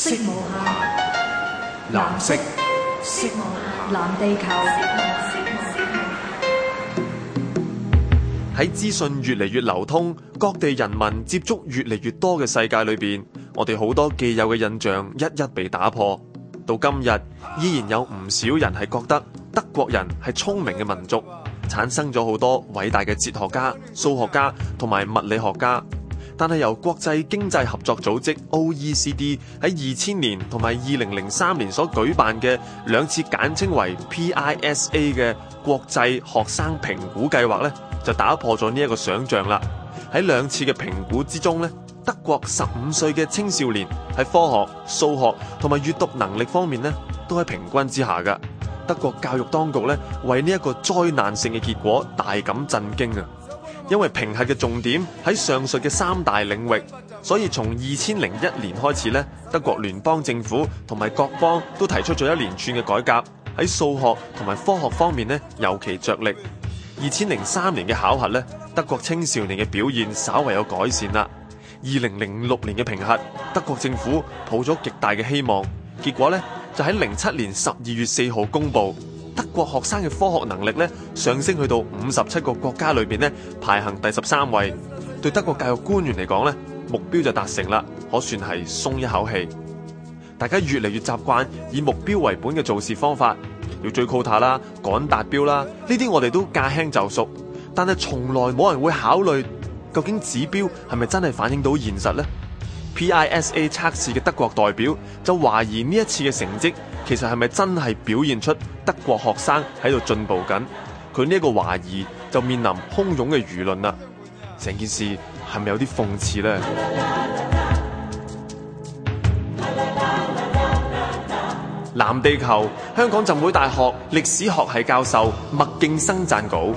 色無限，藍色，色無限，藍地球。喺資訊越嚟越流通，各地人民接觸越嚟越多嘅世界裏邊，我哋好多既有嘅印象一一被打破。到今日，依然有唔少人係覺得德國人係聰明嘅民族，產生咗好多偉大嘅哲學家、數學家同埋物理學家。但係由國際經濟合作組織 OECD 喺二千年同埋二零零三年所舉辦嘅兩次簡稱為 PISA 嘅國際學生評估計劃咧，就打破咗呢一個想像啦。喺兩次嘅評估之中咧，德國十五歲嘅青少年喺科學、數學同埋閱讀能力方面咧，都喺平均之下㗎。德國教育當局咧，為呢一個災難性嘅結果大感震驚啊！因為評核嘅重點喺上述嘅三大領域，所以從二千零一年開始咧，德國聯邦政府同埋各邦都提出咗一連串嘅改革，喺數學同埋科學方面呢，尤其着力。二千零三年嘅考核咧，德國青少年嘅表現稍為有改善啦。二零零六年嘅評核，德國政府抱咗極大嘅希望，結果咧就喺零七年十二月四號公佈。德國學生嘅科學能力咧，上升去到五十七個國家裏邊咧，排行第十三位，對德國教育官員嚟講咧，目標就達成啦，可算係鬆一口氣。大家越嚟越習慣以目標為本嘅做事方法，要追 quota 啦，趕達標啦，呢啲我哋都駕輕就熟，但係從來冇人會考慮究竟指標係咪真係反映到現實呢？PISA 測試嘅德國代表就懷疑呢一次嘅成績。其實係咪真係表現出德國學生喺度進步緊？佢呢一個懷疑就面臨洶湧嘅輿論啦。成件事係咪有啲諷刺呢？嗯、藍地球香港浸會大學歷史學系教授麥勁生撰稿。